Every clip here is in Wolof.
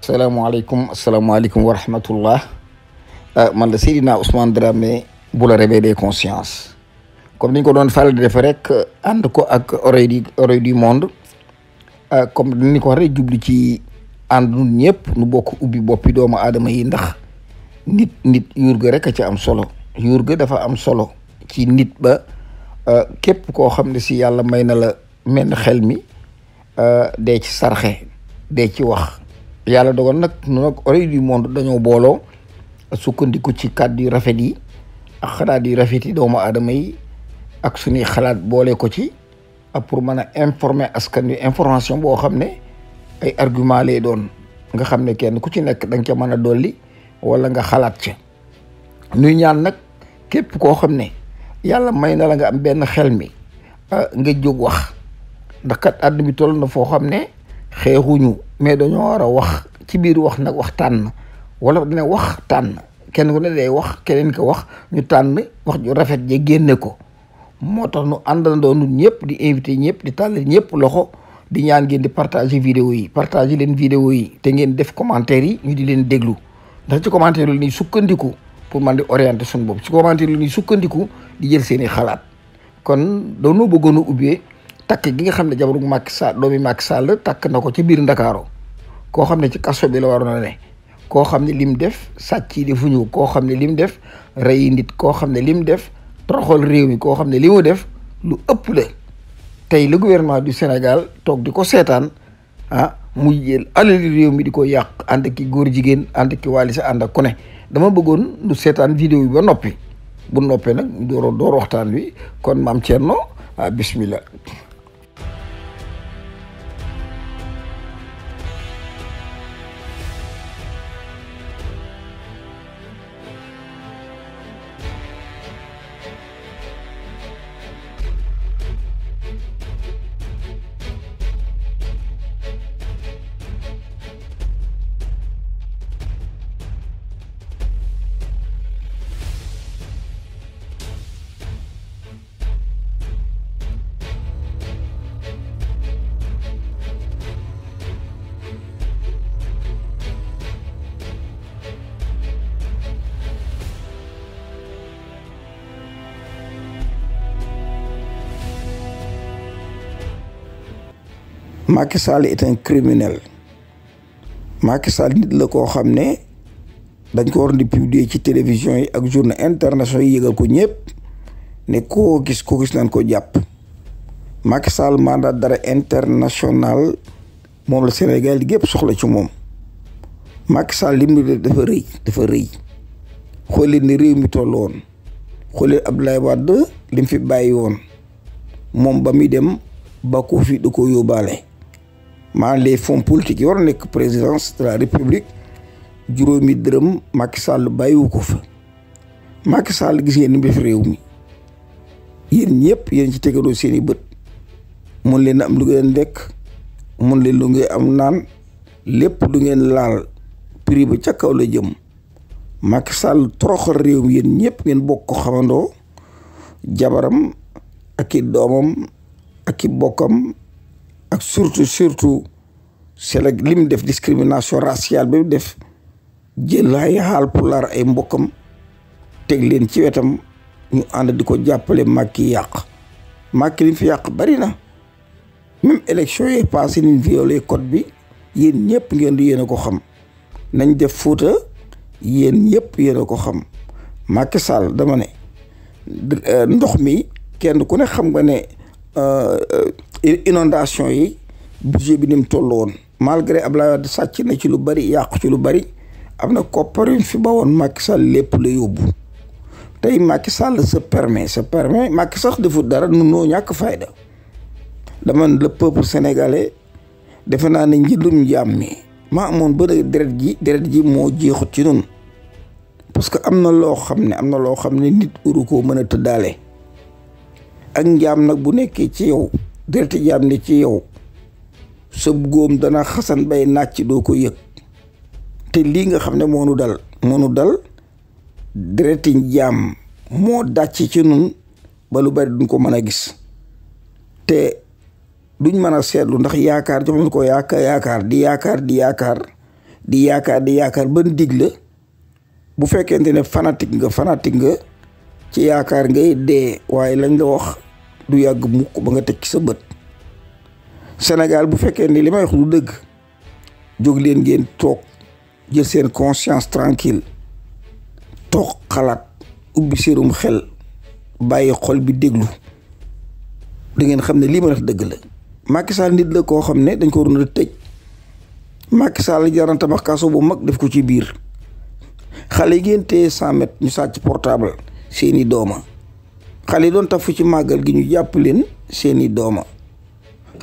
Salamualaikum, assalamualaikum warahmatullah. euh man la Seydina Ousmane Dramé bu la réveillé conscience comme ni ko doon fal def rek and ko ak oreille du oreille du monde eh, comme ni ko rek jublu ci and nu nu bokk ubi bopi doomu adama yi ndax nit nit yurga rek ci am solo yurga dafa am solo ci nit ba euh kep ko xamni ci yalla men la men xel mi eh, de ci sarxé de ci wax yàlla dogal nag noonu ak oreille du monde dañoo booloo sukkandiku ci kàddu yu rafet yi ak xalaat yu rafet doomu aadama yi ak suñuy xalaat boole ko ci ak pour mën a informer askan wi information boo xam ne ay argument lay doon nga xam ne kenn ku ci nekk dang nga ca mën a dolli wala nga xalaat ca nuy ñaan nag képp koo xam ne yàlla may na la nga am benn xel mi ah, nga jóg wax ndax kat àdduna na foo xam ne. xeexuñu mais dañoo war a wax ci biir wax nag wax tànn wala dina wax tànn kenn ku ne day wax keneen ko wax ñu tànn wax ju rafet je génne ko moo tax nu àndandoo ñun ñëpp di invité ñëpp di tàllal ñëpp loxo di ñaan ngeen di partager vidéo yi partager leen vidéo yi te ngeen def commentaire yi ñu di leen déglu ndax ci commentaire lu ñuy sukkandiku pour man di orienter suñu bopp ci commentaire lu ñuy sukkandiku di jël seeni xalaat kon doonu bëggoon a ubbee Tak gi nga xamne ne jabaru Macky Sall doomi Macky Sall la takk ko ci biir Dakaro ko xam ne ci kasso bi la warona ne ko xamne lim def satti yi defuñu ko xamne lim def rey nit ko xamne lim def toroxal rew mi ko xamne ne def lu upp le tay le gouvernement du Sénégal tok diko ko ah mu jël alal rew mi di ko and ande ki góor jigéen ande ki walisa sa ak kone dama bëggoon du seetaan vidéo bi ba nopi bu nopi nak doro doro waxtan wi kon mam Thierno ah, bismillah Macky Sall est un criminel Macky Sall nit la koo xam ne dañ ko war di ci télévision yi ak journaux internationaux yi yëgal ko ñëpp ne ko gis koo gis nañ ko jàpp Macky Sall mandat d'arrêt international moom la Sénégal gépp soxla ci moom Macky Sall lim ni dafa rëy dafa rëy xoolee ni réew mi toll woon xoolee Abdoulaye Wade lim fi bàyyi woon moom ba muy dem ba ko fi da ko yóbbaale maanaam les fonds politiques yi war a nekk présidence de la république juróomi dërëm Macky Sall bàyyiwu ko fa Macky Sall gis ngeen ni mu def réew mi yéen ñëpp yéen ci tegaloo seen bët mun leen am lu ngeen lekk mun leen lu ngeen am naan lépp lu ngeen laal prix ba ca kaw la jëm Macky sàll toroxal réew mi yéen ñëpp ngeen bokk ko xamandoo jabaram ak doomam ak i bokkam ak surtout surtout Sénégal li mu def discrimination raciale bi mu def jël ay Haalpulaar ay mbokkam teg leen ci wetam ñu ànd di ko jàppale Macky yàq Macky li fi yàq bari na même élection yi passé niñ violé code bi yéen ñëpp ngeen di yéen a ko xam nañ def Fuuta yéen ñëpp yéen ko xam Macky Sall dama ne euh, ndox mi kenn ku ne xam nga ne euh, euh, inondation yi budget bi ni mu malgré Abdoulaye sàcc na ci lu bari yàqu ci lu bari am na koppar fi ba woon lépp la yóbbu tey Macky Sall se permet se permet dara ñàkk fayda dama le peuple defe naa ne njëlum jaam mi maa amoon ba deret ji moo jeexut ci nun parce que am na loo xam ne am na loo xam ne nit uru koo mën a tëddaale ak njaam nag bu nekkee ci yow deret jaam ne ci yow sa góom dana xasan bay nàcc doo ko yëg te lii nga xam ne moo nu dal moo nu dal dereti jaam moo dàcc ci nun ba lu bari duñ ko mën a gis te duñ mën a seetlu ndax yaakaar jox nañ ko yaakaar yaakaar di yaakaar di yaakaar di yaakaar di yaakaar ban dig bu fekkente ne fanatique nga fanatique nga ci yaakaar ngay dee waaye lañ la wax du yag mukk ba nga tek ci sa bët Sénégal bu fekke ni limay may wax lu dëgg jóg leen ngeen tok jël sen conscience tranquille tok xalaat ubi serum xel baye xol bi deglu da ngeen xamne li ma wax deug la Macky Sall nit la ko xamne dañ ko runa tej Macky Sall jaran tabax kaso bu mag def ko ci bir xale ngeen mètres ñu sacc portable seeni doma xale yi doon tax tafu ci màggal gi ñu jàpp leen seeni dooma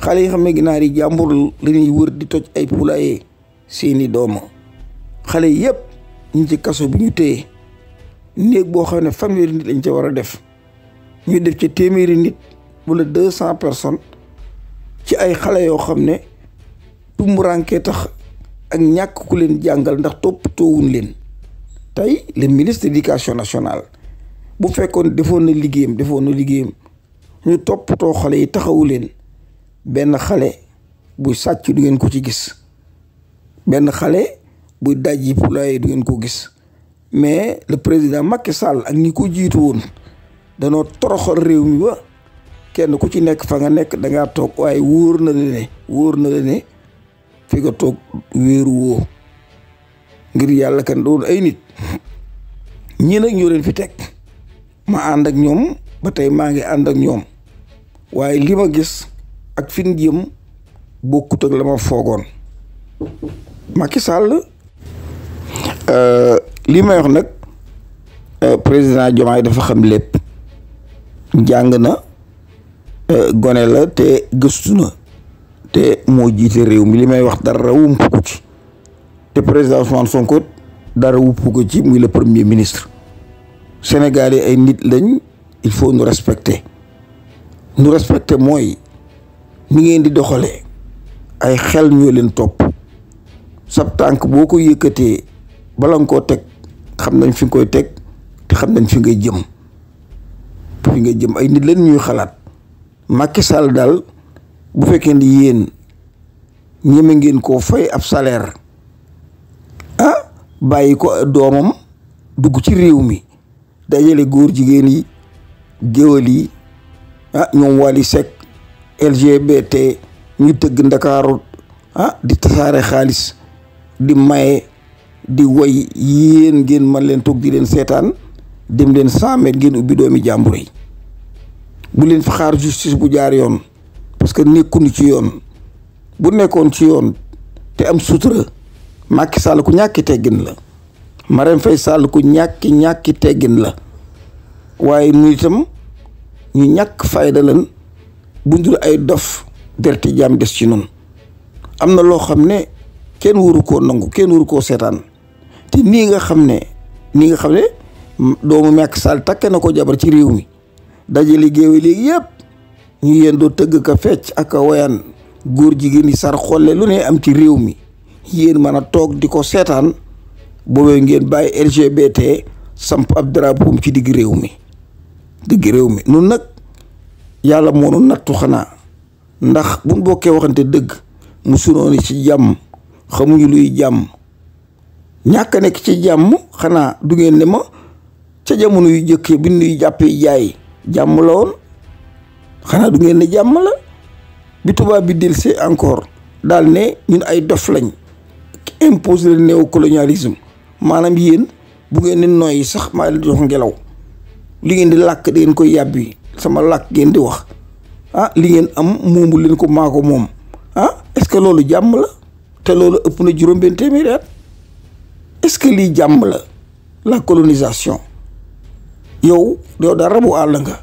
xale yi xam ne ginaar yi jàmbur la ñuy wër di toj ay poulailler seeni dooma xale yëpp ñu ci kaso bi ñu téye néeg boo xam ne fanweeri nit lañ ca war a def ñu def ci téeméeri nit wala deux cent personnes ci ay xale yoo xam ne tumburanke tax ak ñàkk ku leen jàngal ndax toppatoowuñ leen tey le ministre de l'éducation bu fekkoon defoon na liggéeyam defoon na liggéeyam ñu toppatoo xale yi taxawu leen benn xale buy sàcc du ngeen ko ci gis benn xale buy daj yi poulailler du ngeen ko gis mais le président Macky Sall ak ñi ko jiitu woon danoo toroxal réew mi ba kenn ku ci nekk fa nga nekk dangaa toog waaye wóor na la wóor na la ne fi nga toog wéeru woo ngir yàlla kan doon ay nit ñi nag ñoo leen fi teg ma ànd ak ñoom ba tey maa ngi ànd ak ñoom waaye li ma gis ak fi ñu jëm bokkut ak la ma foogoon Macky Sall euh, li may wax nag euh, président Diomaye dafa xam lépp jàng na euh, gone la te gëstu na te moo jiite réew mi li may wax dara wumpu ko ci te président Ousmane Sonko dara wumpu ko ci muy le premier ministre Sénégal yi ay nit lañ il faut nu respecter nu respecter mooy ni ngeen di doxalee ay xel ñoo leen topp sab tànk boo ko yëkkatee bala koo teg xam nañ fi nga teg xam nañ fi ngay jëm fi nga jëm ay nit lañ ñuy xalaat Macky Sall bu fekkee ni yéen ñeme ngeen koo fay ab saleer ah bàyyi ko doomam dugg ci réew mi dajale góor jigéen yi géwël yi ah ñoom Wally Seck LGBT ñu tëgg ndakaaru ah di tasaare xaalis di maye di woy yéen ngeen man leen toog di leen seetaan dem leen cent mètres ngeen ubbi doomi jàmbur yi bu leen fi xaar justice bu jaar yoon parce que nekkuñu ci yoon bu nekkoon ci yoon te am sutura Macky Sall ku ñàkki teggin la Marème Faye Sall ku ñàkki ñàkki teggin la waaye nu itam ñu ñàkk fayda lan bu dul ay dof derti jaam des ci noonu am na loo xam ne kenn waru ko nangu kenn waru koo seetaan te nii nga xam ne nii nga xam ne doomu Macky Sall takk na ko jabar ci réew mi dajale géewe léegi yëpp ñu yéen doo tëgg ko fecc ak a woyaan góor jigéen yi sar xolle lu ne am ci réew mi yéen mën a toog di ko seetaan boobee ngeen bàyyi LGBT samp ab drapeau ci digg réew mi digg réew mi nun nag yàlla moo nu nattu xanaa ndax buñ bokkee waxante dëgg mu sunooni ci jàmm xamuñu luy jàmm ñàkk nekk ci jàmm xanaa du ngeen ne ma ca jamono yu jëkkee bi nuy jàppee jaay jàmm la woon xanaa du ngeen ne jàmm la bi tubaab bi dellusee encore daal ne ñun ay dof lañ imposer le néocolonialisme manam yeen bu ngeen di noyyi sax ma la jox ngelaw li ngeen di lak ngeen koy yabbi sama lak ngeen di wax ah li ngeen am momu len ko mako mom ah est ce que lolu jam la te lolu epp na juróom ben temere est ce que li jam la la colonisation yow do daa rabu àll nga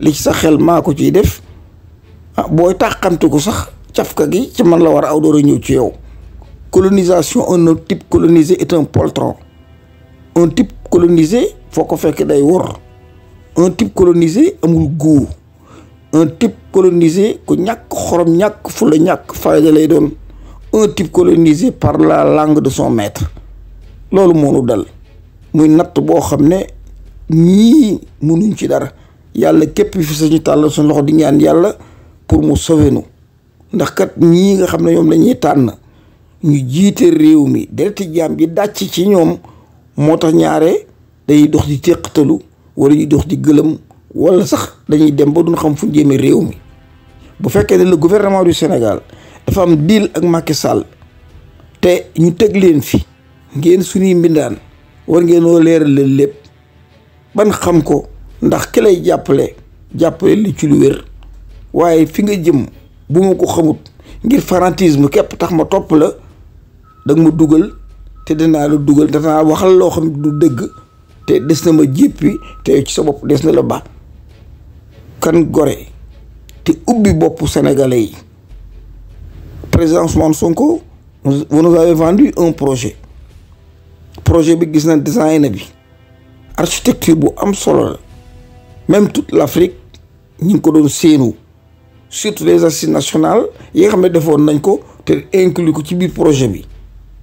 li ci sa xel mako ci def ah boy tàqantu ko sax tiafka gi ci man la war aw do ci yow. colonisation un type colonisé est un poltron un type colonisé faut qu'on fasse day un type colonisé amul un type colonisé ku ñàkk xorom un type colonisé par la langue de son maître loolu moonu dal muy natt boo xam que je que pour sauver que ñu jiite réew mi dereti jaam gi dàcc ci ñoom moo tax ñaare dañuy dox di téqatalu wala ñuy dox di gëlëm wala sax dañuy dem ba duñ xam fu jéeme réew mi bu fekkee ne le gouvernement du Sénégal dafa am deal ak Macky Sall te ñu teg leen fi ngeen suñuy mbindaan war ngeen woo leeral leen lépp ban xam ko ndax ki lay jàppale jàppale li ci lu wér waaye fi nga jëm bu ma ko xamut ngir fanatisme képp tax ma topp la danga ma dugal te danaa la dugal dana waxal loo xam du dëgg te des na ma jéppi te ci sa bopp des na la ba kan gore te ubbi bopp sénégalais yi président Ousmane Sonko vous nous avez vendu un projet projet bi gis na design bi architecture bu am solo la même toute l'Afrique ñu ko doon séenu surtout les assises nationales yi nga xam ne defoon nañ ko te inclus ko ci biir projet bi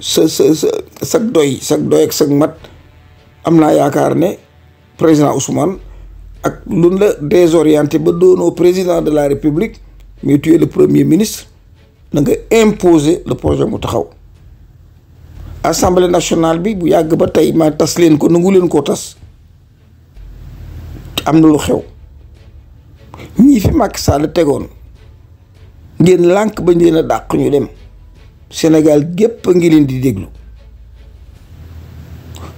sa sa sa sag doy sag doy ak sag mat am naa yaakaar ne président Ousmane ak lun la désorienté ba doonoo président de la république mais tu es le premier ministre na nga imposer le projet mu taxaw assemblée nationale bi bu yàgg ba tey ma tas leen ko nangu leen koo tas am na lu xew ñii fi Macky Sall tegoon ngeen lànk bañ leen dàq ñu dem Sénégal gep ngi leen di déglu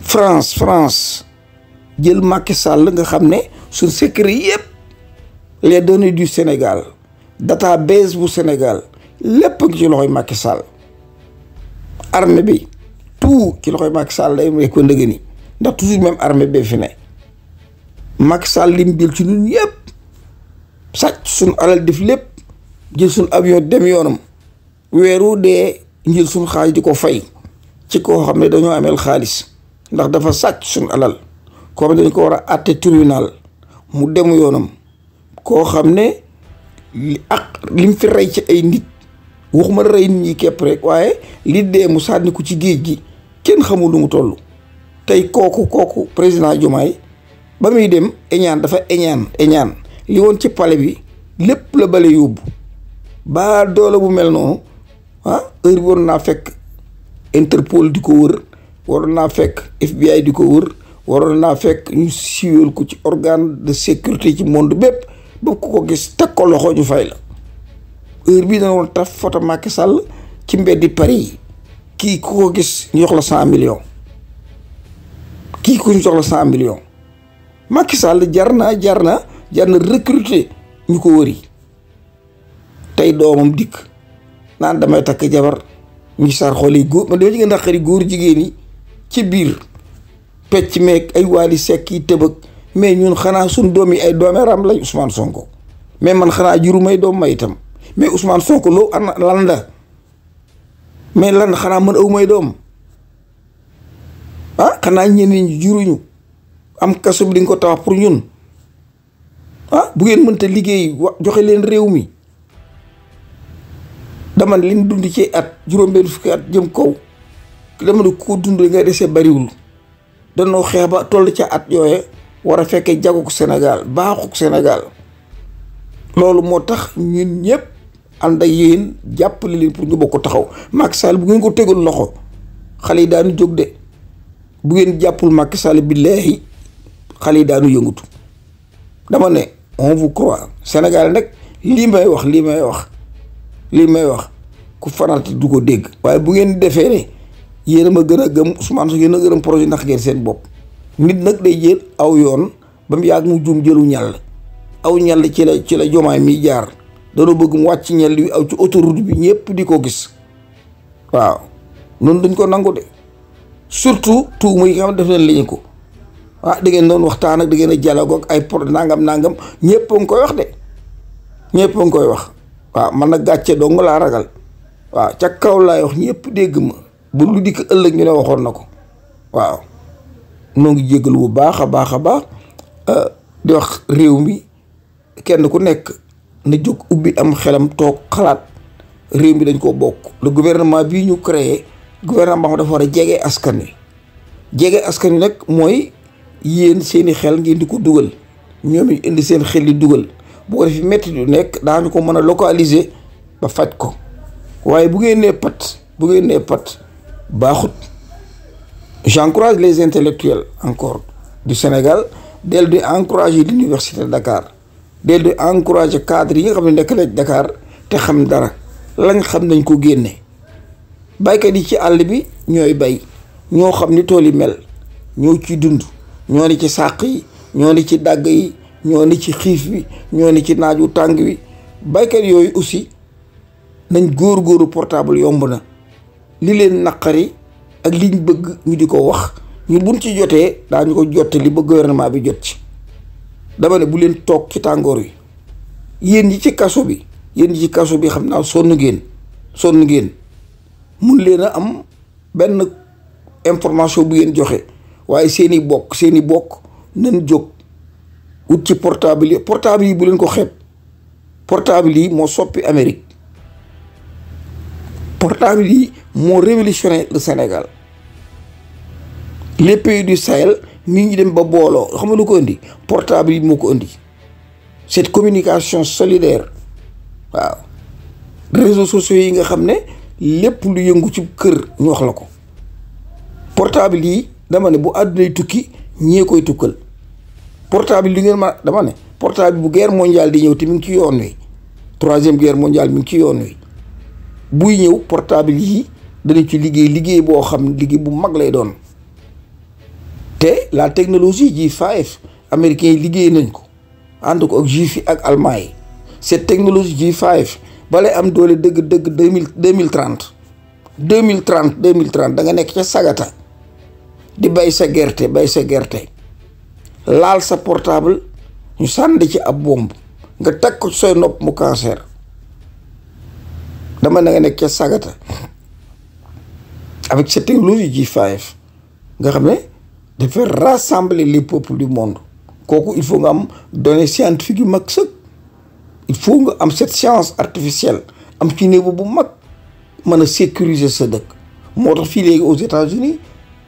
France France jël Macky Sall nga xamné sun secret yépp les données du Sénégal database du Sénégal lépp ngi ci loxoy Macky Sall armée bi tout ci loxoy Macky Sall lay may ko ndëgë ni ndax toujours même armée bi fi Macky Sall lim ci ñun yépp sàcc sun alal def lépp jël avion dem yoonam weeru dee njël suñ xaalis di ko fay ci koo xam ne dañoo ameel xaalis ndax dafa sàcc suñ alal koo xam ne dañ ko war a àtte mu dem yoonam koo xam ne ak lim fi rey ci ay nit ma rey nit ñi képp rek waaye li dee mu sànni ko ci géej gi kenn xamul lu mu toll tey kooku kooku président Diomaye ba muy dem eñaan dafa eñaan eñaan li woon ci palais bi lépp la bale yóbbu baa doole bu mel noonu ah heure bi waroon naa fekk Interpol di ko wër waroon naa fekk FBI di ko wër fekk ñu siiwal ko ci organe de sécurité ci monde bépp ba ku ko gis teg ko loxo ñu fay la heure bii dana war taf photo Macky Sall ci mbeddi Paris yi kii ku ko gis ñu jox la cent kii ku ñu jox la cent millions Macky jar naa jar na jar na recruter ñu ko wëri tey doomam dikk naan damay takk jabar ñu sar xoli góor man dama ci gën xari goor góor jigéen yi ci biir pecc meek ay wali sekk yi tëbëg mais ñun xanaa suñ doom yi ay ram lañ Ousmane Sonko mais man xanaa juru may doom may itam mais Ousmane Sonko loo an lan la mais lan xanaa man aw may doom ah xanaa ñenn ñi juruñu am kaso bi ko tabax pour ñun ah bu ngeen mënta liggéey joxe leen réew dama lin dund ci at juróom-benn fukki at jëm kaw dama ne ku dund ngay nga dese bariwul danoo xeex ba toll ci at yooye war a jago ko Sénégal baaxuk Sénégal loolu moo tax ñun ñëpp ànd ak yéen jàppale leen pour ñu bokk taxaw Macky Sall bu ngeen ko tegul loxo xale yi daanu jóg de bu ngeen jàppul Sall xale daanu yëngutu dama ne on vous croit Sénégal nag lii may wax lii may wax lii may wax ku fanaati du ko dégg waaye bu ngeen defee ne yéen a ma gën a gëm Ousmane su yéen a gërëm projet ndax ngeen seen bopp nit nag day jël aw yoon ba yàgg mu juum jëlu ñàll aw ñàll ci la ci la jomaay mi jaar danoo bëgg mu wàcc ñàll wi aw ci autoroute bi ñëpp di ko gis waaw noonu duñ ko nangu de surtout tuuma yi nga xam def li ñu ko ah ngeen doon waxtaan ak da ngeen a dialogue ak ay pro nangam nangam ñëpp a koy wax de ñëpp a ngi koy wax waaw man nag gàcce dong laa ragal waaw ca kaw laay wax ñëpp dégg ma bu lu dikk ëllëg ñu ne waxoon na ko waaw noo ngi jégalu bu baax a baax a baax euh, di wax réew mi kenn ku nekk na jóg ubbi am xelam toog xalaat réew mi dañ koo bokk le gouvernement bii ñu créé gouvernement dafa war a jege askan wi jege askan wi nag mooy yéen seeni xel ngeen di ko dugal ñoom indi seen xel yi dugal bu ko defee métti du nekk daañu ko mën a localiser ba faj ko waaye bu ngeen pat bu ngeen nee pat baaxut j'encourage les intellectuels encore du Sénégal del di encourager l'université de Dakar del di encourage cadre yi nga xam ne nekk nañ Dakar te xam dara lañ xam nañ ko génne baykat yi ci àll bi ñooy bay ñoo xam ni tool yi mel ñoo ci dund ñoo ni ci sàq yi ñoo ni ci dàgg yi ñoo ni ci xiif bi ñoo ni ci naaju tàng wi baykat yooyu aussi nañ góor-góoru portable yomb na li leen naqari ak liñ bëgg ñu di ko wax ñu buñ ci jotee daañu ko jottali ba gouvernement bi jot ci dama ne bu leen toog ci tàngoor wi yéen yi ci kaso bi yéen ñi ci kaso bi xam naa sonn ngeen sonn ngeen mun leen a am benn information bu ngeen joxe waaye seen i bokk seen i bokk nañ jóg ut ci portable yi bu leen ko xeeb portable yi moo soppi Amérique portable yi moo révolutionné le Sénégal les pays du Sahel mi ngi dem ba booloo xam nga lu ko indi portable yi moo ko indi cette communication solidaire waaw réseaux sociaux yi nga xam ne lépp lu yëngu ci kër ñu wax la ko portable yi dama ne bu àddunay tukki ñee koy tukkal portable li ngeen ma dama ne portable bu guerre mondiale di ñëw te mi ngi ci yoon wi troisième guerre mondiale mi ngi ci yoon wi buy ñëw portable yi danañ ci liggéey liggéey boo xam liggéey bu mag lay doon te laa technologie G5 américains yi liggéey nañ ko ànd ko ak juif yi ak allemand yi cette technologie G5 bale am doole dëgg dëgg deux mille deux mille trente deux mille deux mille da nga nekk ca sagata di bay sa gerte bay sa gerte. L'Al sa portable ñu sànni ci ab bomb nga teg ko sooy nop mu cancer dama na nga nekk sagata avec cette technologie G5 nga xamé de faire rassembler les peuples du monde il faut nga am données scientifiques yu il faut nga am cette science artificielle am ci niveau bu mak mën a sécuriser sa dëkk moo tax fii léegi aux États-Unis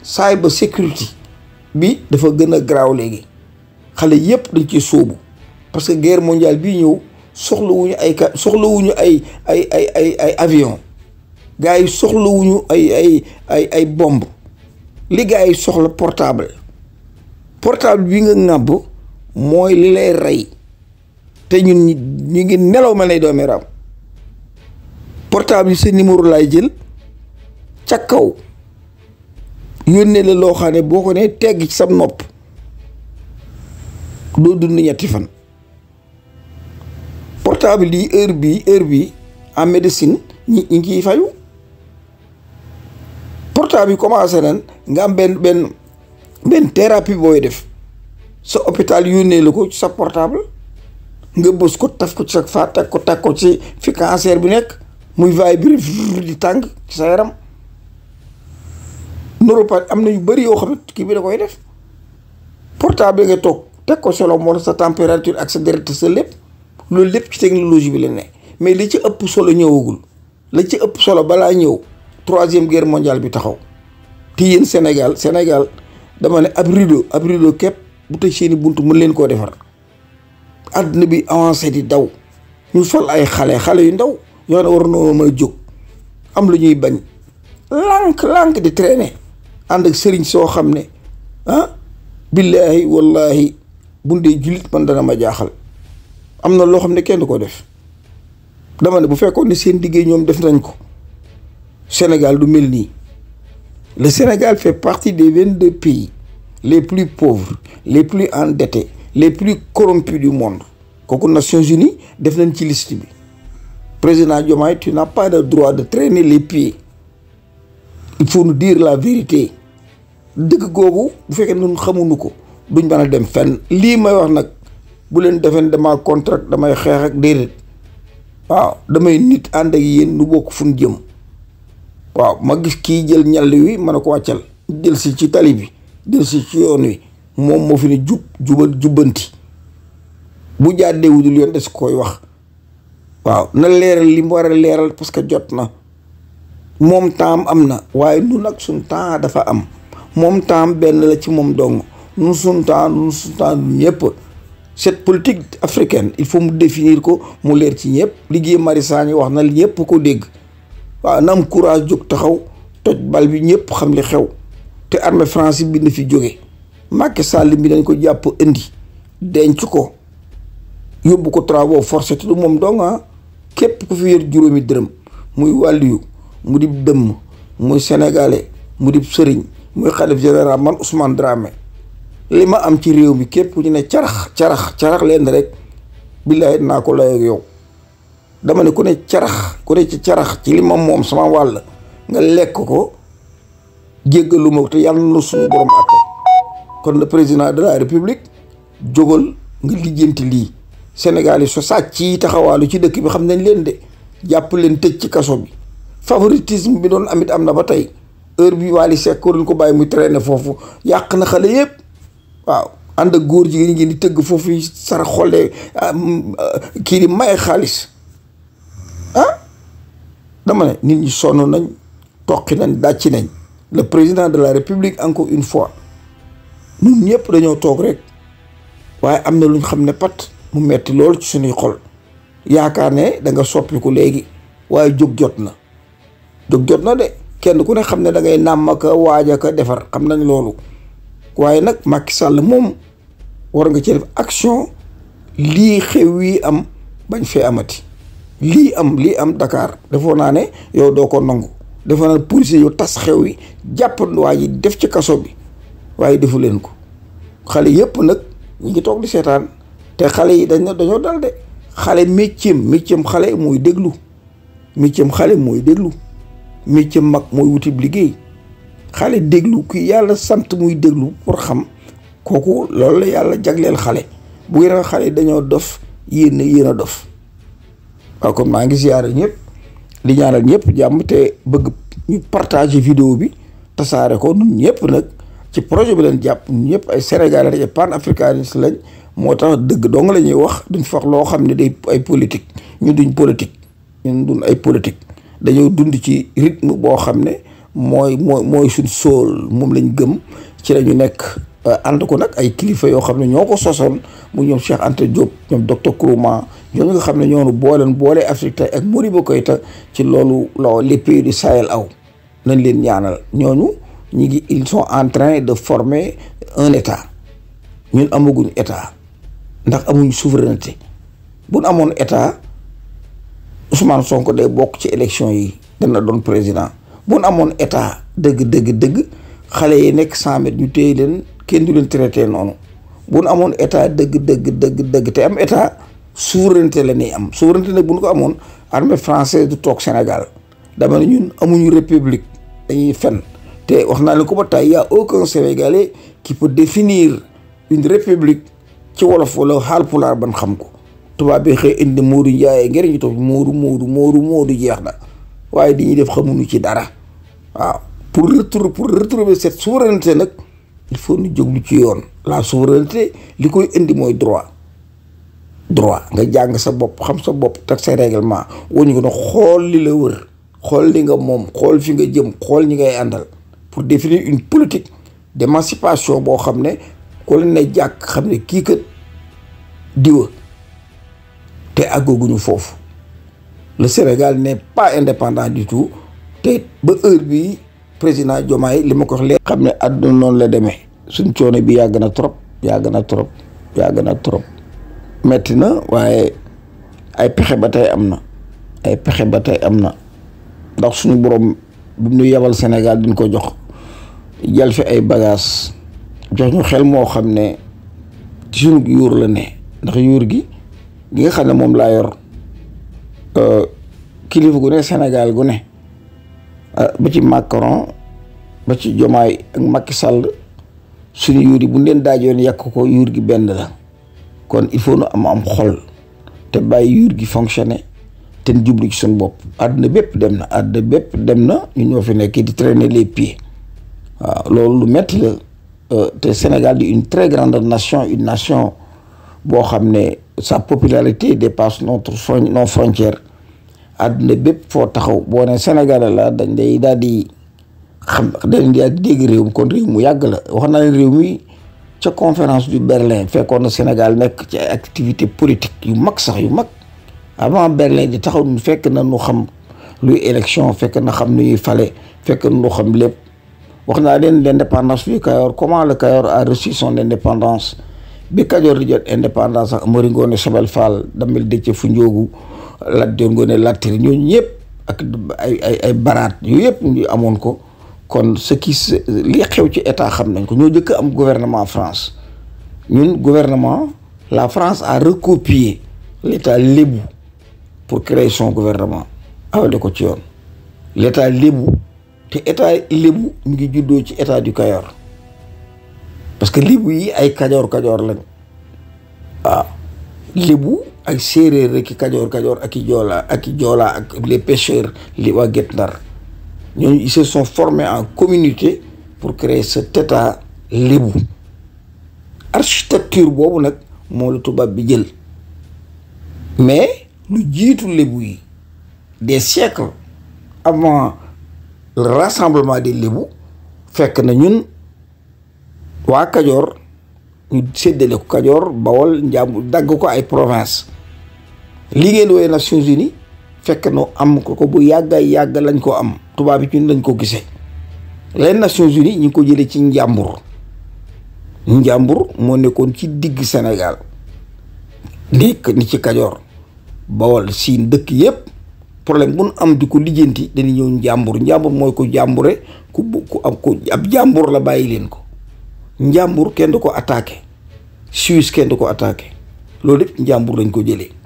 cyber security bi dafa gën a garaaw xale yépp dañ ciy sóobu parce que guerre mondiale bii ñëw soxlawuñu ay ka soxlawuñu ay ay ay ay avion gars yi soxlawuñu ay ay ay ay bombe li gars yi soxla portable portable bi nga ŋàbb mooy li lay rey te ñun ñu ngi nelaw mel nay doomi raam portable yi sa numéro laay jël ca kaw yónnee la loo xam ne boo ko nee tegg ci sam nopp doo dund ñetti fan portable yi heure bi heure bi en médecine ñi ñi ngi fayu portable yi commencé nan nga am benn benn benn thérapie booy def sa hôpital yónnee la ko sa portable nga bës ko taf ko ci sa fa teg ko teg ko ci fi cancer bi nekk muy vibre di tàng ci sa am na yu bari yoo xam ne kii bi da koy def portable nga toog teg ko solo moo sa température ak sa deret sa lépp loolu lépp ci technologie bi leen ne mais li ci ëpp solo ñëwagul la ci ëpp solo balaa ñëw troisième guerre mondiale bi taxaw te yéen Sénégal Sénégal dama ne ab rideau ab rideau képp bu tëj seeni bunt mun leen koo defar àdduna bi avancé di daw ñu sol ay xale xale yu ndaw ñoo ne war noo mën jóg am lu ñuy bañ lànk lànk di traîner ànd ak sëriñ soo xam ne ah billaahi wallaahi buñ dee jullit man dana ma jaxal amna lo xamné ne kenn ko def dama né bu fekkone sen seen ñom def nañ ko Sénégal du melni le Sénégal fait partie des 22 pays les plus pauvres les plus endettés les plus corrompus du monde Les Nations Unies def nañ ci liste bi président Diomay, tu n'as pas le droit de traîner les pieds il faut nous dire la vérité deug googu bu fekkee ñun xamunu ko duñ mën a dem fenn lii may wax nag bu leen defeen damaa contract damay xeex ak déedéet waaw damay nit ànd ak yéen nu bokk fu ñu jëm waaw ma gis kii jël ñal wi mën a ko wàccal jël ci tali bi jël si ci yoon wi moom moo fi ne jub jubal jubbanti bu jàddee wudul yoon des koy wax waaw na leeral li mu war a leeral parce que jot na moom temps am na waaye nu nag suñ temps dafa am moom temps benn la ci moom dong ñun suñu temps ñun cette politique africaine il faut mu définir ko mu leer ci ñëpp liggéey saa ngi wax na ñëpp ko dégg waaw na am courage jóg taxaw toj bal bi ñëpp xam li xew te armée France bi fi jóge Macky Sall bi dañ ko jàpp indi denc ko yóbbu ko travaux forcés te du moom dong ah. képp ko fi yor juróomi dërëm muy wàlliyu mu di dëmm muy sénégalais mu di sëriñ muy xalif général man Ousmane Dramé li ma am ci réew mi képp ñu ne carax carax carax leen rek billaay naa ko layoog yow dama ne ku ne carax ku ne ci carax ci li ma moom sama wàll nga lekk ko jéggalu ma te yàlla na suñu borom àtte kon la président de la république jógal nga lijjanti lii Sénégal yi so sàcc yi taxawaalu ci dëkk bi xam nañ leen de jàpp leen tëj ci kaso bi favoritisme bi doon amit am na ba tey heure bi Wally Seck ko ko bàyyi muy traîner foofu yàq na xale yëpp waaw ànd ak góor jigéen ngeen di tëgg foofu sara xolle ah, mm, ah, kii di maye xaalis ah dama ne nit ñi sonn nañ toqi nañ dàcc nañ le président de la république encore une fois ñun ñëpp dañoo toog rek waaye am na luñ xam ne pat mu metti lool ci suñuy xol yaakaar ne da nga soppiku léegi waaye jóg jot na jóg jot na de kenn ku ne xam ne da ngay nàmm ka waaj ka defar xam nañ loolu waaye nag Macky Sall moom war nga ci def action lii xew yi am bañ fee amati lii am lii am Dakar defoo naa ne yow doo ko nangu defoo naa policier yow tas xew yi jàpp waa def ci kaso bi waaye defu leen ko xale yëpp nag ñu ngi toog di seetaan te xale yi dañ dañoo dal de xale métier métier xale mooy déglu métier xale mooy déglu métier mag mooy wuti liggéey. xale déglu ku yàlla sant muy déglu pour xam kooku loolu la yàlla jagleel xale bu ngeen xale yi dañoo dof yéen yéen a dof waaw kon maa ngi ziyaare ñëpp di ñaaral ñëpp jàmm te bëgg ñu partager video bi tasaare ko ñun ñëpp nag ci projet bi leen jàpp ñun ñëpp ay sénégalais ay panafricanistes lañ moo tax dëgg dong la ñuy wax duñ fax loo xam ne day ay politique ñu duñ politique ñu duñ ay politique dañoo dund ci rythme boo xam ne mooy mooy mooy suñ sool moom lañ gëm ci la ñu nekk euh, ànd ko nag ay kilifa yoo xam ne ñoo ko sosoon mu ñoom Cheikh Anta Diop ñoom docteur Kourouma ñoom nga xam ne ñoonu booleen boolee Afrique tey ak Modibo Keïta ci loolu la les pays du aw nañ leen ñaanal ñooñu ñi ngi ils sont en train de former un état ñun amaguñ état ndax amuñ souveraineté buñ amoon état Ousmane Sonko day bokk ci élection yi dana doon président bu nu amoon état dëgg dëgg dëgg xale yi nekk cent ñu téye leen kenn du leen traité noonu bu nu amoon état dëgg dëgg dëgg dëgg te am état souveraineté la ñuy am souveraineté nag bu nu ko amoon armée francais du toog Sénégal dama ne ñun amuñu république dañuy fen te wax naa ne ko ba tey y a aucun Sénégalais qui peut définir une république ci wolof wala Haalpulaar ban xam ko tubaab bi xëy indi Modou Ndiaye ngir ñu toog Modou Modou Modou Modou jeex na waaye dañuy def xamuñu ci dara. Ah, pour retrouver pour retrouver cette souveraineté nak, il faut ñu jóglu ci la souveraineté li koy indi mooy droit droit nga jang sa bop, xam sa bop, tak sa règlement wañu ko na xool li la wër xool li nga mom, xool fi nga jëm xool ni nga yandal. pour définir une politique d'émancipation bo xam ne ku ne jàkk xam ne kii kat diwa te àggaguñu le Sénégal n'est pas indépendant du tout te ba heure bi président Diomaye li ma ko wax xam ne àdduna noonu la demee suñ coono bi yàgg na trop yàgg na trop yàgg na trop metti na waaye ay pexe ba tey am na ay pexe ba tey am na ndax suñu borom bu nu yebal Sénégal diñ ko jox jal fi ay bagages jox ñu xel moo xam ne ci suñu yuur la ne ndax yuur gi gi nga xam ne moom laa yor euh, kilifa gu ne Sénégal gu ne Ah, ba ci Macron ba ci Diomaye ak Macky Sall suñu yuur yi bu leen il faut nu am am xol te bàyyi yuur gi fonctionner te jublu ci suñu bopp àdduna bépp dem na àdduna bépp dem ñu traîner les pieds euh, Sénégal une très grande nation une nation boo sa popularité dépasse notre nos frontières àdduna bépp foo taxaw boo ne Sénégal la dañ day daal di xam dañ di ak dégg réew mi kon réew mu yàgg la wax naa leen réew mi ca conférence du Berlin fekkoon na Sénégal nekk ci activité politique yu mag sax yu mag avant Berlin di taxaw nu fekk na nu xam luy élection fekk na xam nuy fale fekk na nu xam lépp wax naa leen l'indépendance du Kayor comment le Kayor a reçu son indépendance bi Kajoor di jot indépendance ak Mari Ngoone Sobel Fall Damel d fu njoogu La dengone la ak ay ay ay ce qui li xew ci xam nañ ko gouvernement France gouvernement la France a recopié l'état Libou pour créer son gouvernement L'État ko ci l'état Libou, te état que mi ngi du Cayor. parce que l'État yi ay cayor ak séeréer rek kadior kadior ak ak ak les pêcheurs li waa ils se sont formés en communauté pour créer cet état lébu architecture bobu nak moo bi jël mais lu jitu lébu yi des siècles avant le rassemblement des lébu fekk na ñun wa kadior ñu des ko kadior bawol njaam dag ko ay province liggéeyal wooyu Nations Unies fekk no am ko ko bu yàgga yàgg lañ ko am tubaab yi ñun lañ ko gisee leen Nations ñu ngi ko jëlee ci njàmbur njàmbur moo nekkoon ci digg Sénégal nekk ci Kajoor Bawol Siin dëkk yépp problème bu nu am di ko lijjanti ñëw njàmbur njàmbur mooy ko jàmbure ku am ko ab jàmbur la bàyyi leen ko njàmbur kenn ko attaqué Suisse kenn ko attaqué loolu lépp njàmbur lañ ko jëlee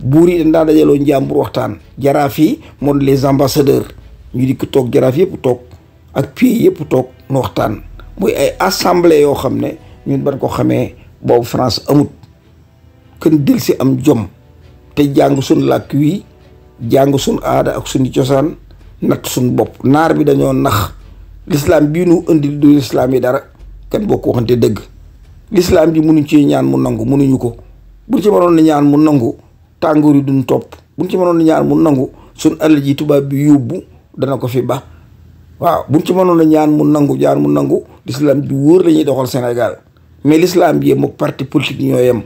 buur yi dañ daa dajaloo njàmbur waxtaan jaraaf yi moo les ambassadeurs ñu dikk toog jaraaf yëpp toog ak pays yëpp toog nu waxtaan muy ay assemblée yoo xam ne ñun ban ko xamee boobu France amut kën dil si am jom te jàng suñ làkk wi jàng suñ aada ak suñu cosaan natt suñ bopp naar bi dañoo nax l'islam bii nu indi du l'islam yi dara kan bokk waxante dëgg lislaam bi munuñ ci ñaan mu nangu munuñu ko bu ci waroon na ñaan mu nangu tàngoor yi duñu topp buñ ci mënoon ñaan mu nangu suñ alal ji tubaab bi yóbbu dana ko fi ba waaw buñ ci mënoon ñaan mu nangu ñaan mu nangu l'islam bi wóor la ñuy doxal Sénégal mais l'islam bi mook parti politique ñoo yem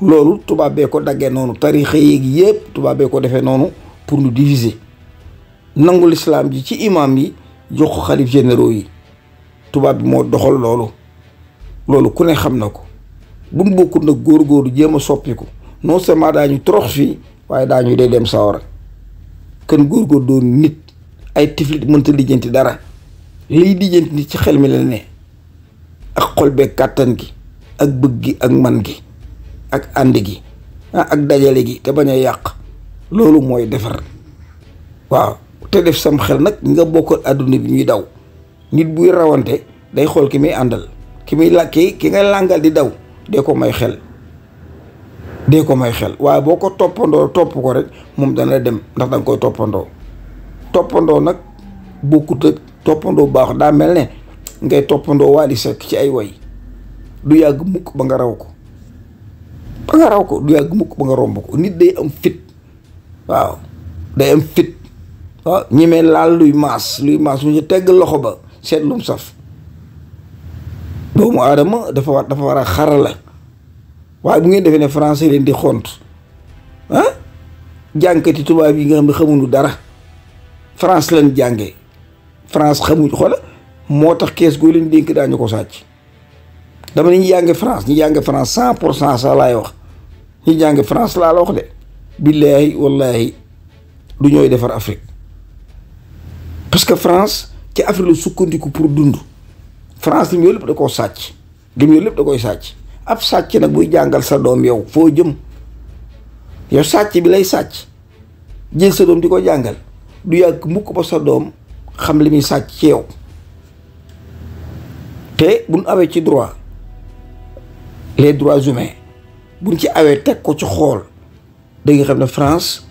loolu tubaab bee ko daggee noonu tarixa yéegi yëpp tubaab bee ko defee noonu pour nous diviser nangu lislaam ji ci imam yi jox ko xalif généraux yi tubaab bi moo doxal loolu loolu ku ne xam na ko buñ bokkul nag góor-góoru jéem a soppiku non seulement dañu torox fi waye dañu dé dem sawara kën góorgóor do nit ay tiflit ta lijeenti dara li lijeenti nit ci xel mi la né ak xol be katan gi ak bëgg gi ak man gi ak and gi ah, ak dajalé gi té baña yaq lolu moy défar waaw te def sam xel nak nga bokkal aduna bi ñuy daw nit buy rawante day xol ki mi andal ki mi la ki nga langal di daw dee ko may xel de ko may xel waye boko topando top ko rek moom dana dem ndax dang koy topando topando nak bokut ak topando bax da melne ngay topando wali sek ci ay way du yag mukk ba nga raw ko ba nga raw ko du yag mukk ba nga romb ko nit day am fit waaw day am fit waaw ñemee laal luy maas luy maas ñu tegg loxo ba seet lum saf doomu aadama dafa dafa wara a waaye bu ngeen defee ne français leen di xont ah jànkati tubaab yi nga xam ne xamuñu dara France leen jànge France xamuñ xoola moo tax kees goo leen dénk daañu ko sàcc dama ne ñu jànge France ñu jànge France cent pour cent sax wax ñu jànge France laa la wax de billaahi wallaahi du ñooy defar Afrique parce que France ci Afrique la sukkandiku pour dund France li mu lépp da koo sàcc li mu lépp da koy sàcc ab sàcc nag buy jàngal sa doom yow foo jëm yow sàcc bi lay sàcc jël sa doom di ko jàngal du yàgg mukk ba sa doom xam li muy sàcc ci yow te buñ awee ci droit les droits humains buñ ci awee teg ko ci xool da xam ne France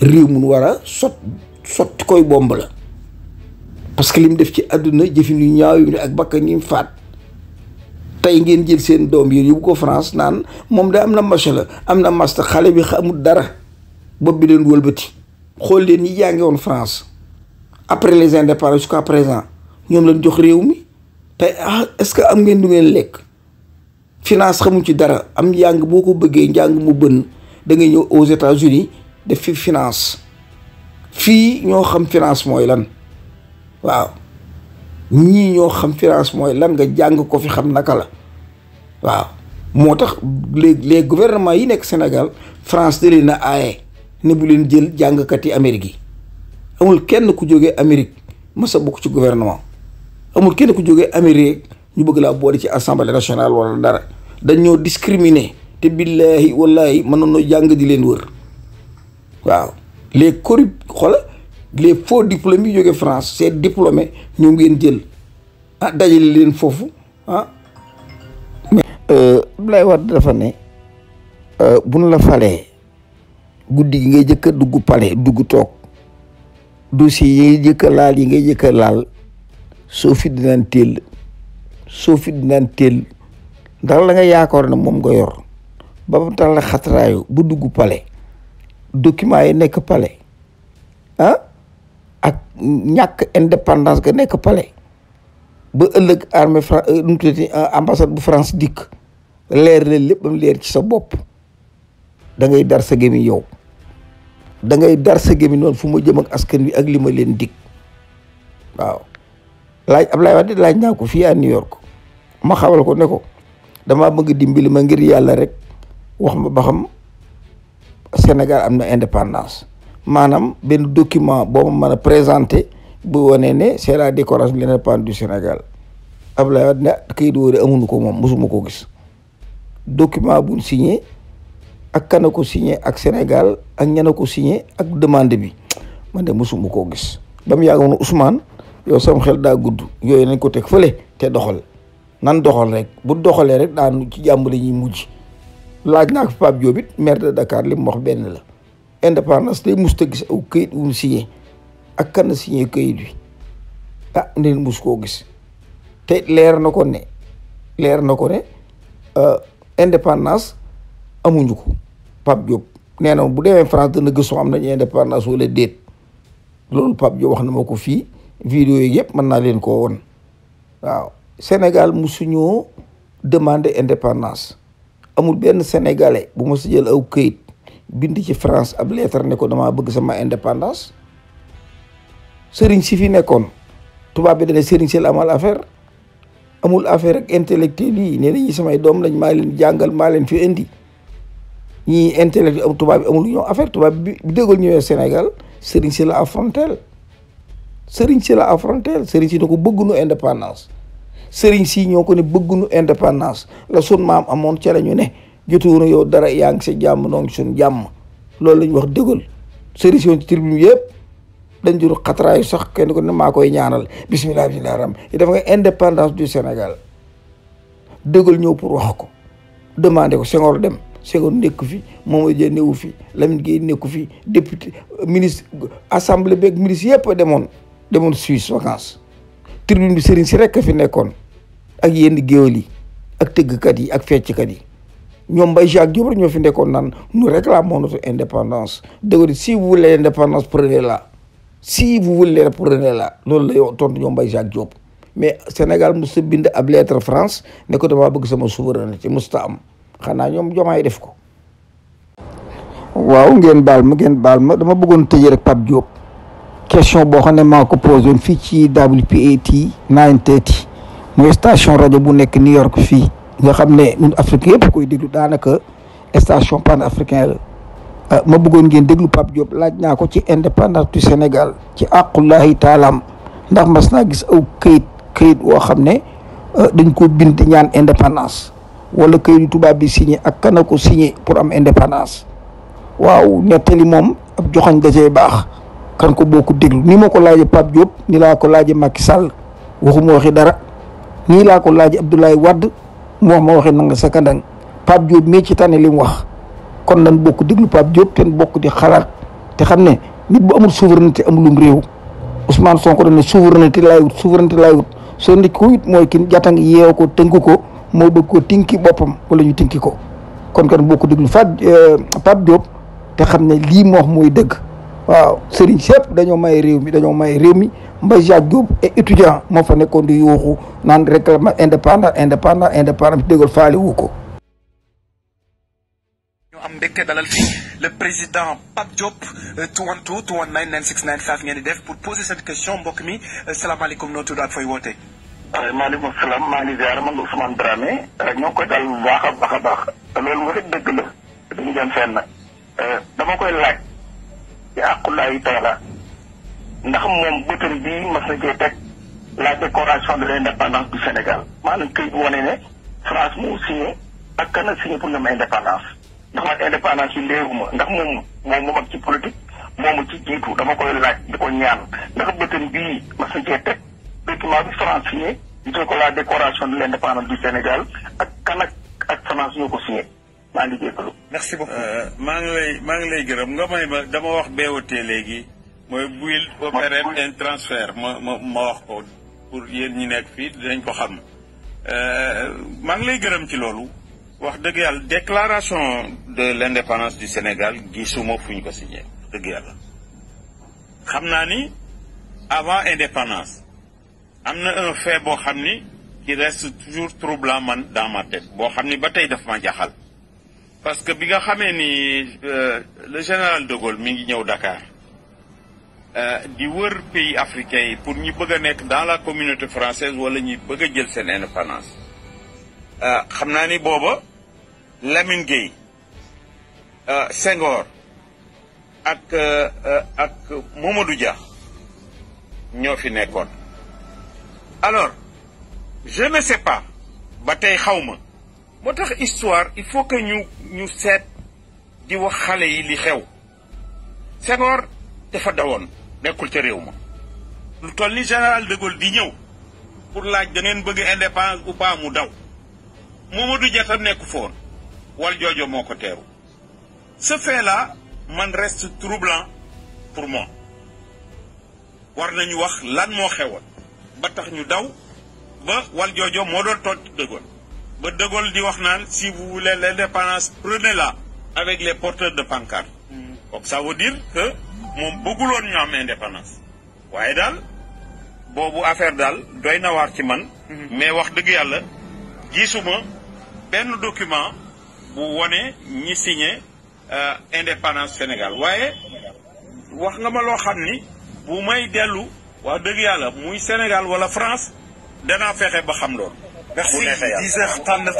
réew mun war a sot sot koy bomb la parce que li mu def ci àdduna jëfin yu ñaaw yu ne ak bakkan yi mu faat tey ngeen jël seen doom yi yóbbu ko France naan moom da am na la am na master xale bi xamul dara bopp bi leen wëlbati xool leen ñi jànge woon France après les indépendants jusqu'à présent ñoom lañ jox réew mi ah est-ce que am ngeen du ngeen lekk finance xamuñ ci dara am njàng boo ko bëggee njàng mu bën da ngay ñëw aux États-Unis def fi finance fii ñoo xam finance mooy lan waaw ñii ñoo xam finance mooy lan nga jàng ko fi xam naka la waaw moo tax les les yi nekk Sénégal France da na a aaye ne leen jël jàngkat yi Amérique yi amul kenn ku jógee Amérique mës bokk ci gouvernement amul kenn ku jógee Amérique ñu bëgg laa boole ci assemblée nationale wala dara dañoo discriminer te billaahi wallaahi mën na jàng di leen wër waaw les corrup xola les faux diplômes yi jóge France c'est diplômé ñoom ngeen jël ah dajale leen foofu ah. mais euh, Abdoulaye Wade dafa ne euh, bu nu la falee guddi gi ngay jëkk a dugg pale dugg toog dossier yi jëkk laal yi ngay jëkk a laal soo fi dinaan teel soo fi dinaan teel ndax la yaakaar ne moom nga yor ba mu tax la document yi nekk pale ah. ñàkk indépendance ga nekk palais ba ëllëg armée Fra euh, nu euh, bu France dikk leer la lépp leer ci sa bopp dangay ngay dar sa gémmiñ yow da ngay dar sa gémmiñ fu ma jëm askan wi ak li ma leen dig waaw laaj Ablaye Wade laaj naa ko fii à New York ma xawal ko ne ko damaa bëgg dimbali ma ngir yàlla rek wax ma ba Sénégal am na indépendance maanaam benn document boo ma mën a présenté bu wanee ne c'est la décoration de l'indépendance du Sénégal Abdoulaye Wade ne kayit woo de amuñu ko moom mosuma ko gis document buñ signé ak kana signé ak Sénégal ak ñana ko signé ak demande bi man de mosuma koo gis ba mu na moom Ousmane yow sam xel daa gudd yooyu nañ ko teg fële te doxal nan doxal rek bu doxalee rek daanu ci jàmm la ñuy mujj laaj na ko Pape Diop it maire Dakar li mu wax benn la indépendance day mus ta gis aw këyit wu signé ak kan signé këyit bi ah neen mus koo gis te leer na ko ne leer na ko ne euh, indépendance amuñu ko Pape Diop nee na bu demee France dana gëstu am nañu indépendance wala déet loolu Pape Diop wax na ma ko fii vidéo yooyu yëpp mën naa leen ko won waaw Sénégal musuñoo demander indépendance amul benn sénégalais bu ma si jël aw kayit bind ci France ab lettre ne ko bëgg sama indépendance sëriñ si fi nekkoon tubaab bi dana sëriñ la amal affaire amul affaire ak intellectuel yi nee nañu samay doom lañ maa leen jàngal maa leen fi indi ñii intellectuel am tubaab bi amul ñoo affaire tubaab bi bi déggoon ñëwee Sénégal sëriñ si la affrontel sëriñ si la affrontel sëriñ si ne ko bëggunu indépendance sëriñ si ñoo ko ne bëggunu indépendance la sun maam amoon ca la ñu ne jotuwuñu yow dara yaa ngi sa jàmm noo ngi suñ jàmm loolu la ñu wax dëggal sëriñ si woon tribune yëpp dañ juru xatraayu sax kenn ko ne maa koy ñaanal bisimilah bisimilah ram yi dafa nga indépendance du ñëw pour wax ko demandé ko Senghor dem Senghor nekku fi Mamadou Dia newu fi Lamine Gueye nekku fi député ministre assemblée beeg demoon demoon Suisse vacances tribune bi sëriñ si rekk fi nekkoon ak yenn géwél yi ak tëggkat yi ak fecckat yi ñoom Mbaye Jacques Diop ñoo fi nekkoon naan nous réclamons notre indépendance dégg si vous voulez l'indépendance prenez-la si vous voulez prenez-la loolu la yow tontu ñoom Mbaye Jacques Diop mais Sénégal mosut bind ab lettre France ne ko damaa bëgg sama souveraineté mosut am xanaa ñoom jomaay def ko. waaw ngeen baal ma ngeen baal ma dama bëggoon tëjee rek Pape Diop question boo xam ne maa ko posé fii ci WPAT 930 mooy station rajo bu nekk New York fii. nga xam ne ñun africain yëpp koy déglu daanaka station panafricain la ah, ma bëggoon ngeen déglu Pape Diop laaj naa ko ci indépendance du Sénégal ci aqullahi taalam ndax mas naa gis aw këyit këyit woo xam ne ah, dañ ko bind ñaan indépendance wala kayit tubaab bi signé ak kana ko signé pour am indépendance waaw nettali moom ab joxañ da baax kan ko boo ko déglu ni ma ko laajee pap Diop ni laa ko laajee Macky Sall waxuma dara nii laa ko laajee Abdoulaye Wade mu wax ma waxee nanga sa kandang Pape ci tane li mu wax kon nan bokk déglu Pape Diop ten bokk di xalaat te xam ne nit boo amul souveraineté amulum réew Ousmane Sonko dañ ne souveraineté laay wut souveraineté laay wut soo nit mooy kin jàttang yeew ko tënku ko mooy bëgg ko tinki boppam wala ñu tinki ko kon kan bokk déglu euh, Pape Diop te xam ne lii moo wax mooy dëgg waaw Serigne sëpp dañoo may réew mi dañoo may réew mi Mbaye Jacques Diop et étudiant moo fa nekkoon di yuuxu naan réclame indépendant indépendant indépendant bi déggal faale wu ko. am mbégte dalal fi le président Pap Diop 212 219 9695 ngeen di def pour poser cette question mbokk mi euh, salaamaaleykum noo tudd ak fooy wootee. Euh, maaleykum salaam maa ngi ziar man Ousmane Dramé euh, ñoo koy dal bu baax a baax a baax loolu mu rek dëgg la duñu dem fenn dama koy laaj. ci àqulayi taala ndax moom bëtam bii mas na cee teg la décoration de l' du Sénégal maanaam këyit wane ne France moo signé ak kan a signé pour nam indépendance ndax man indépendance yi léeguma ndax moom moom moom ak ci politique moomu ci jiitu dama koy laaj di ko ñaan ndax bëtam bii mas na cee teg document bi France signé di ko la décoration de l' indépendance du Sénégal ak kan ak ak France ñoo ko signé maa ngi jégalu. merci beaucoup euh, maa ngi lay maa ngi lay gërëm nga may ma dama wax BOT léegi. mooy build opérate and transfer ma ma ma wax ko pour yéen ñi nekk fii dinañ ko xam. Euh, maa ngi lay gërëm ci loolu. wax dëgg yàlla déclaration de l' indépendance du Sénégal gisuma fu ñu ko signé dëgg yàlla. xam naa ni avant indépendance am na un fait boo xam ni qui reste toujours troublant man dans ma tête boo xam ni ba tey daf ma jaxal parce que bi nga xamee ni euh, le général de Gaulle mi ngi ñëw Dakar euh, di wër pays africains pour ñi bëgg a nekk dans la communauté française wala ñi bëgg a jël seen indépendance euh, xam naa ni booba Lamine Gueye Senghor ak ak Mamadou Dia ñoo fi nekkoon alors je ne sais pas ba tey xaw ma moo tax histoire il faut que ñu ñu seet di wax xale yi li xew Senghor dafa dawoon nekkul ca réew ma lu toll ni général de Gaulle di ñëw pour laaj da bëgg indépendance ou pas mu daw Mamadou Dia tam nekk foon wal jojo moo ko teeru ce fait là man reste troublant pour moi war nañu wax lan moo xewoon ba tax ñu daw ba wal jojo moo doon toog dëggoon ba De Gaulle di wax si vous voulez l'indépendance prenez-la avec les porteurs de pancarte mm. donc ça veut dire que moom bëgguloon a am indépendance waaye dal bobu affaire dal doyna war ci man mm-hmm. mais wax dëgg yàlla gisuma ben document bu woné ñi signé euh, indépendance Sénégal Waye wax nga ma lo xamni ni bu may delu wax deug yalla muy Sénégal wala France danaa fexé ba xam loolu Merci.